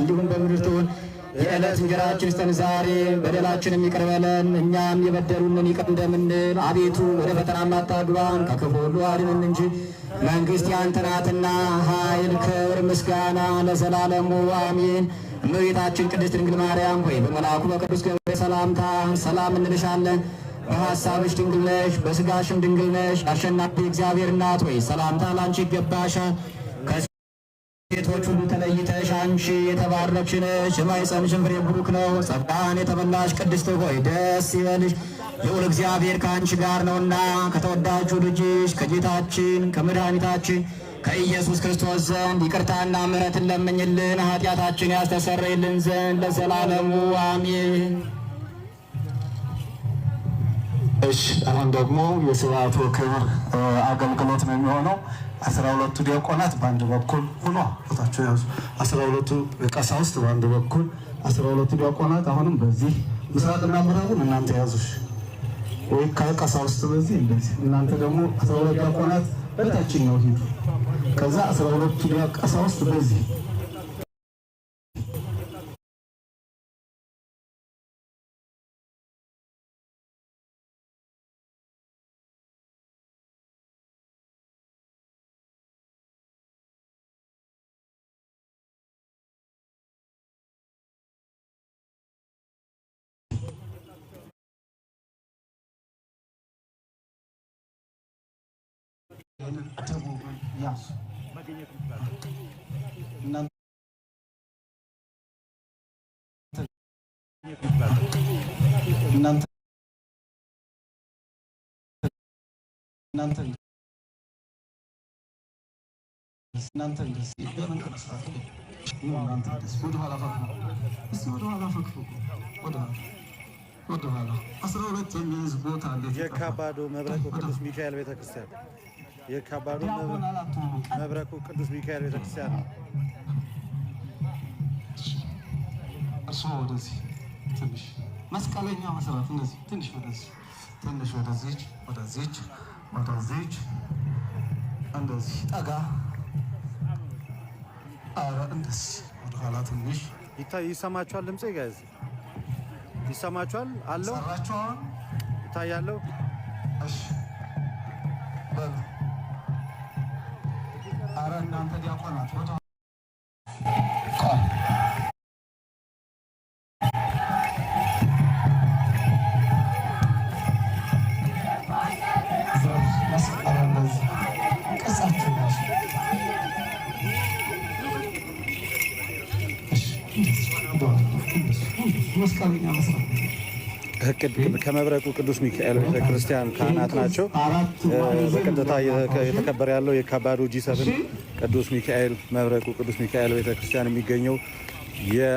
እንዲሁም በምድር ትሁን። የዕለት እንጀራችን ስጠን ዛሬ፣ በደላችን ይቅር በለን እኛም የበደሉንን ይቅር እንደምንል። አቤቱ ወደ ፈተናም አታግባን፣ ከክፉ ሁሉ አድነን እንጂ መንግሥት ያንተ ናትና፣ ኃይል፣ ክብር፣ ምስጋና ለዘላለሙ አሜን። እመቤታችን ቅድስት ድንግል ማርያም ሆይ በመልአኩ በቅዱስ ገብርኤል ሰላምታ ሰላም እንልሻለን። በሐሳብሽ ድንግል ነሽ፣ በሥጋሽም ድንግል ነሽ። አሸናፊ እግዚአብሔር እናት ሆይ ሰላምታ ላንቺ ይገባሻል። ሴቶች ሁሉ ተለይተሽ አንቺ የተባረክሽ ነሽ፣ የማኅፀንሽም ፍሬ ቡሩክ ነው። ጸጋን የተመላሽ ቅድስት ሆይ ደስ ይበልሽ፣ ልዑል እግዚአብሔር ከአንቺ ጋር ነውና፣ ከተወዳጁ ልጅሽ ከጌታችን ከመድኃኒታችን ከኢየሱስ ክርስቶስ ዘንድ ይቅርታና ምሕረትን ለምኝልን፣ ኃጢአታችን ያስተሰረይልን ዘንድ ለዘላለሙ አሜን። እሺ፣ አሁን ደግሞ የስብዓቱ ክብር አገልግሎት ነው የሚሆነው። አስራ ሁለቱ ዲያቆናት በአንድ በኩል ሁኖ ቦታቸው ያዙ። አስራ ሁለቱ ቀሳውስት በአንድ በኩል፣ አስራ ሁለቱ ዲያቆናት አሁንም በዚህ ምስራቅና ምዕራቡን እናንተ ያዙሽ ወይ ከቀሳውስት በዚህ እንደዚህ እናንተ ደግሞ አስራ ሁለት ዲያቆናት በታችኛው ሂዱ። ከዛ አስራ ሁለቱ ቀሳውስት በዚህ ይህንን አድርጉ ያሱ እናንተ የካባዶ መብረቅ ቅዱስ ሚካኤል ቤተክርስቲያን የካባዱ መብረቁ ቅዱስ ሚካኤል ቤተክርስቲያን ነው። እርስዎ ወደዚህ ትንሽ መስቀለኛ መስራት እንደዚህ ትንሽ ወደዚህ ትንሽ ወደዚች ወደዚች ወደዚች እንደዚህ ጠጋ አረ እንደዚህ ወደኋላ ትንሽ ይታይ ይሰማችኋል። ድምፄ ጋዝ ይሰማችኋል አለው ሰራችኋል ይታያለው። እሺ በሉ እናንተ ዲያቆናት ከመብረቁ ቅዱስ ሚካኤል ቤተክርስቲያን ካህናት ናቸው። በቀጥታ እየተከበረ ያለው የካባዶ ጂ ቅዱስ ሚካኤል መብረቁ ቅዱስ ሚካኤል ቤተክርስቲያን የሚገኘው የ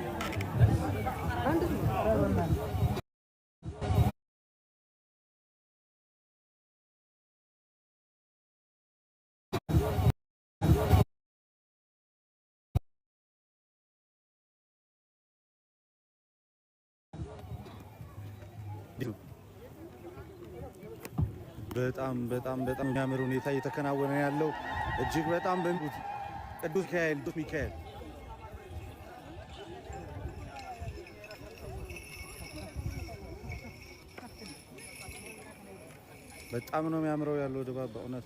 በጣም በጣም በጣም የሚያምር ሁኔታ እየተከናወነ ያለው እጅግ በጣም ቅዱስ ሚካኤል ቅዱስ ሚካኤል በጣም ነው የሚያምረው ያለው ድባብ በእውነት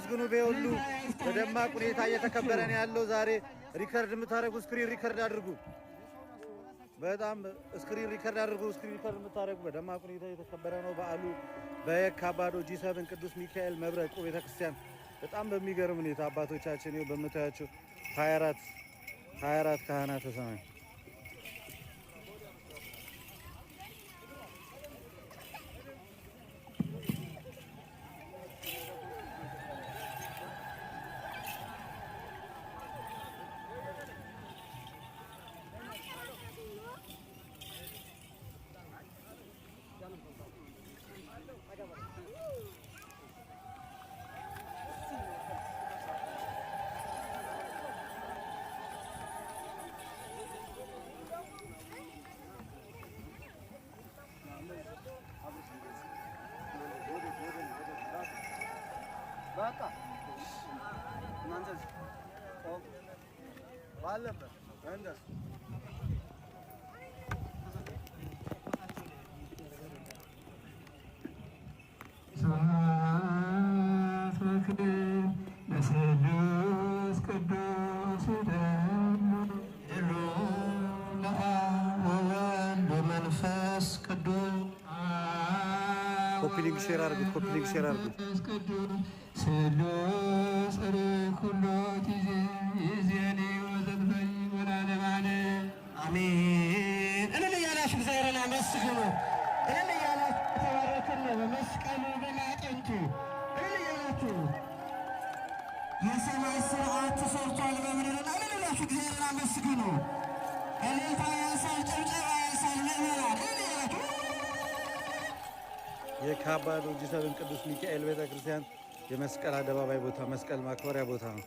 አመስግኑ። በሁሉ በደማቅ ሁኔታ እየተከበረ ነው ያለው። ዛሬ ሪከርድ የምታደርጉ ስክሪን ሪከርድ አድርጉ። በጣም ስክሪን ሪከርድ አድርጉ። ስክሪን ሪከርድ የምታደርጉ በደማቅ ሁኔታ እየተከበረ ነው በዓሉ በየካባዶ ጂ7 ቅዱስ ሚካኤል መብረቁ ቤተክርስቲያን በጣም በሚገርም ሁኔታ አባቶቻችን በምታያቸው 24 24 ካህናተ ሰማይ పాక నంజస్ వాళ్ళ నంజస్ ሼር አድርጉት፣ ኮፒ ሊንክ ሼር አድርጉት። የሰማይ ስርዓት ተሰርቷል በምድር ላይ እልል ብላችሁ እግዚአብሔርን አመስግኑ። እልልታ ያንሳል፣ ጭብጨባ ያንሳል። ምዕመናን የካባ ዶርጂት ቅዱስ ሚካኤል ቤተክርስቲያን የመስቀል አደባባይ ቦታ መስቀል ማክበሪያ ቦታ ነው።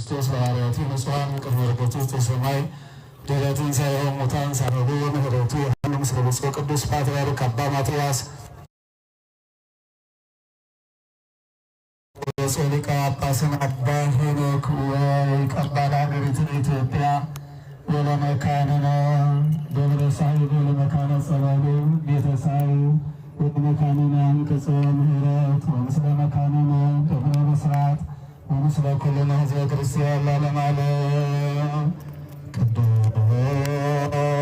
ክርስቶስ ባህርያቱ ንጹሐን ቅድመ ርገቱ ውስተ ሰማይ ድኅረ ትንሣኤ ሙታን ሳንሆ ምህረቱ የሃሉ ምስለ ብፁዕ ቅዱስ ፓትርያርክ አባ ማትያስ ሊቀ ጳጳስን አባ ሄኖክ ወይቀባል ሀገሪቱ ኢትዮጵያ ወለመካንነ ደብረ ሳይል ወለመካነ ጸበሉ ቤተሳዩ ወለመካንነ አንቅጾ ምህረት ወምስለ መካንነ ደብረ መስራት ምስለ ኩልነ ህዝበ ክርስቲያን ላለማለ ቅዱስ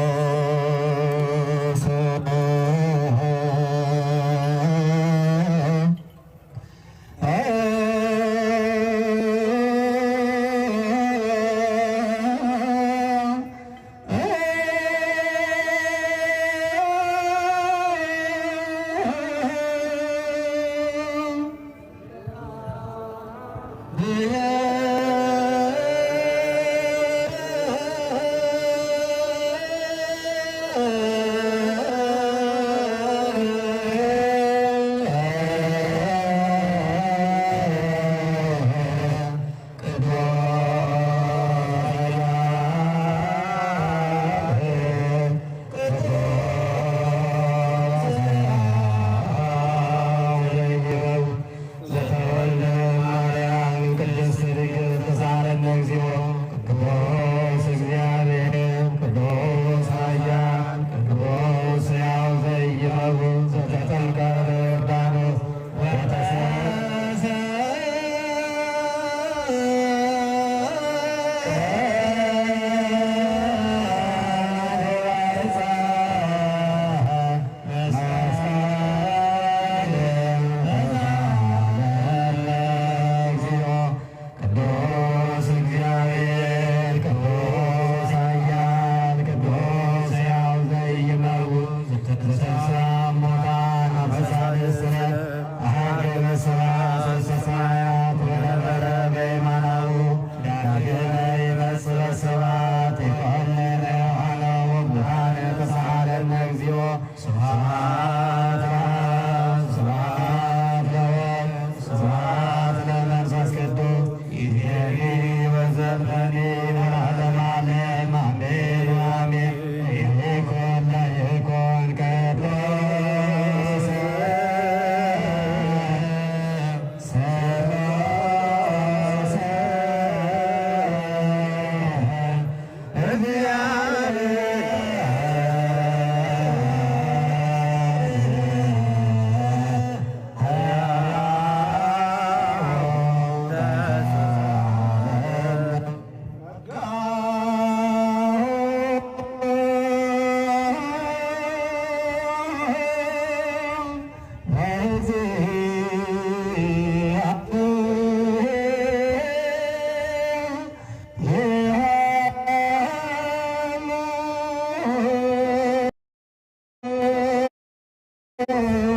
Yeah.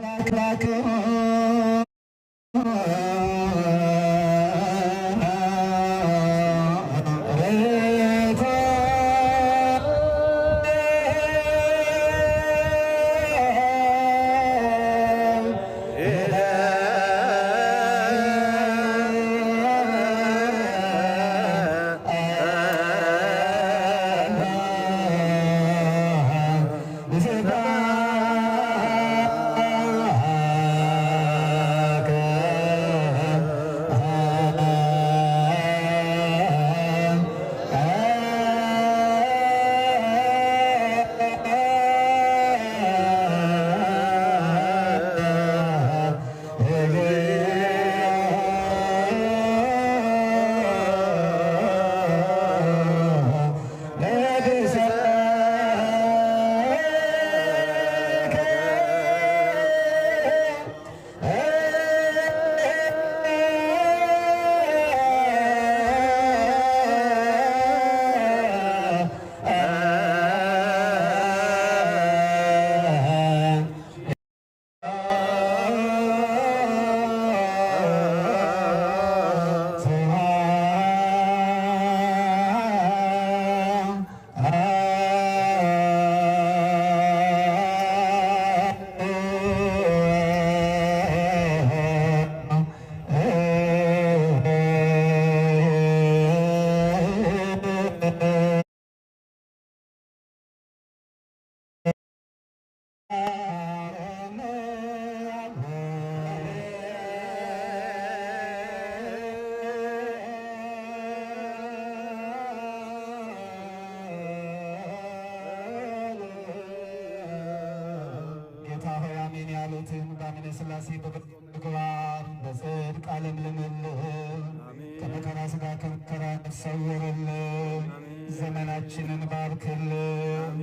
Black, black, ባለቤትህን በአምነ ሥላሴ በግባር በጽድቅ ዓለም ልምልህ ከመከራ ሥጋ ከመከራ ሰውርልን ዘመናችንን ባርክልን።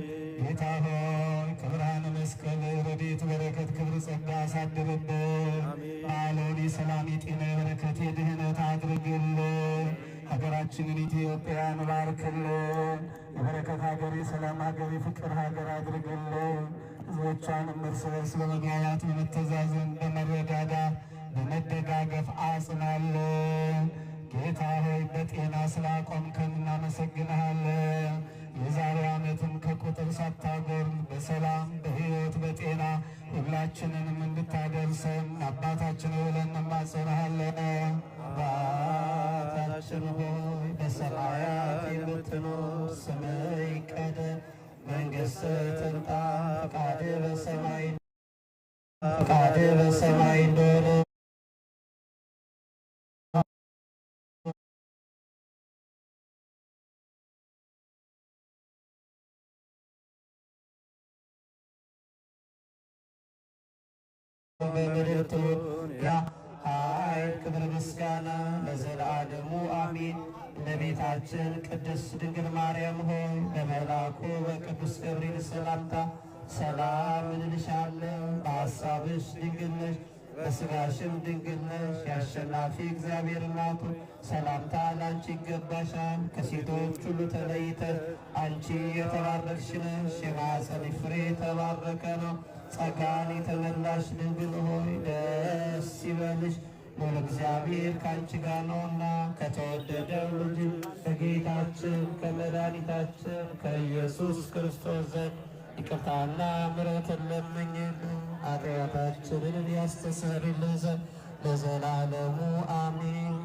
ጌታ ሆይ ከብርሃነ መስቀል ረድኤት በረከት ክብር ጸጋ አሳድርብን። ባለውን የሰላም የጤና የበረከት የድህነት አድርግልን። ሀገራችንን ኢትዮጵያን ባርክልን። የበረከት ሀገር፣ የሰላም ሀገር፣ የፍቅር ሀገር አድርግልን። ህዝቦቿንም እርስ በርስ በመግባባት በመተዛዘን፣ በመረዳዳት፣ በመደጋገፍ አጽናለን። ጌታ ሆይ በጤና ስላቆምከን እናመሰግንሃለን። የዛሬ ዓመትም ከቁጥር ሳታጎር በሰላም በሕይወት በጤና ሁላችንንም እንድታደርሰን አባታችን ብለን እንማጸናሃለን። አባታችን ሆይ በሰማያት የምትኖር ስምህ ይቀደም መንግስት ትምጣ ፈቃድ በሰማይ እንደሆነ በምድር ትሁን ያ ኃይል ክብር ምስጋና ለዘለዓለሙ አሚን። እመቤታችን ቅድስት ድንግል ማርያም ሆይ በመልአኩ በቅዱስ ገብርኤል ሰላምታ ሰላም እንልሻለን። በሐሳብሽ ድንግል ነሽ፣ በሥጋሽም ድንግል ነሽ። የአሸናፊ እግዚአብሔር እናቱ ሰላምታ ለአንቺ ይገባሻል። ከሴቶች ሁሉ ተለይተሽ አንቺ የተባረክሽ ነሽ። የማኅፀንሽ ፍሬ የተባረከ ነው። ጸጋን የተመላሽ ድንግል ሆይ ደስ ይበልሽ ሁል እግዚአብሔር ከአንቺ ጋር ነውና ከተወደደው ልጅ ከጌታችን ከመድኃኒታችን ከኢየሱስ ክርስቶስ ዘንድ ይቅርታና ምሕረትን ለምኝልን ኃጢአታችንን ያስተሰርይልን ዘንድ ለዘላለሙ አሜን።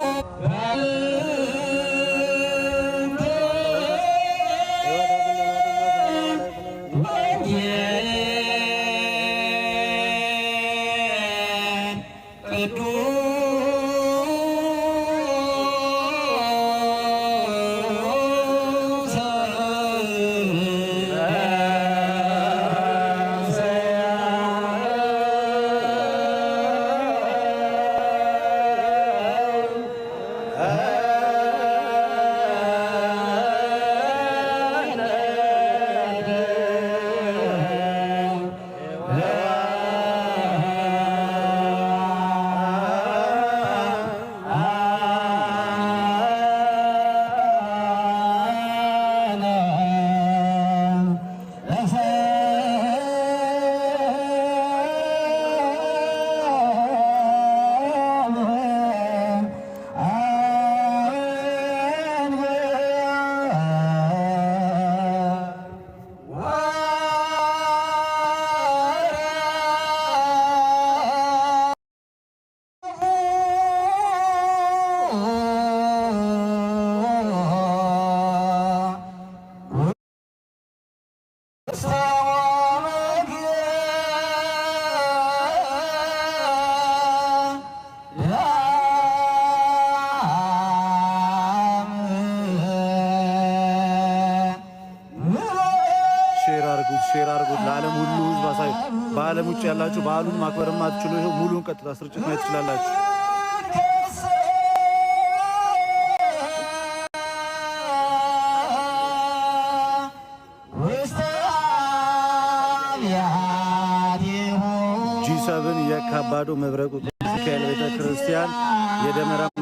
Hallelujah. ከፈለጋችሁ በዓሉን ማክበርም አትችሉ። ይኸው ሙሉን ቀጥታ ስርጭት ማየት ትችላላችሁ። የካባዶ መብረቁ ቅዱስ ሚካኤል ቤተ ክርስቲያን የደመራ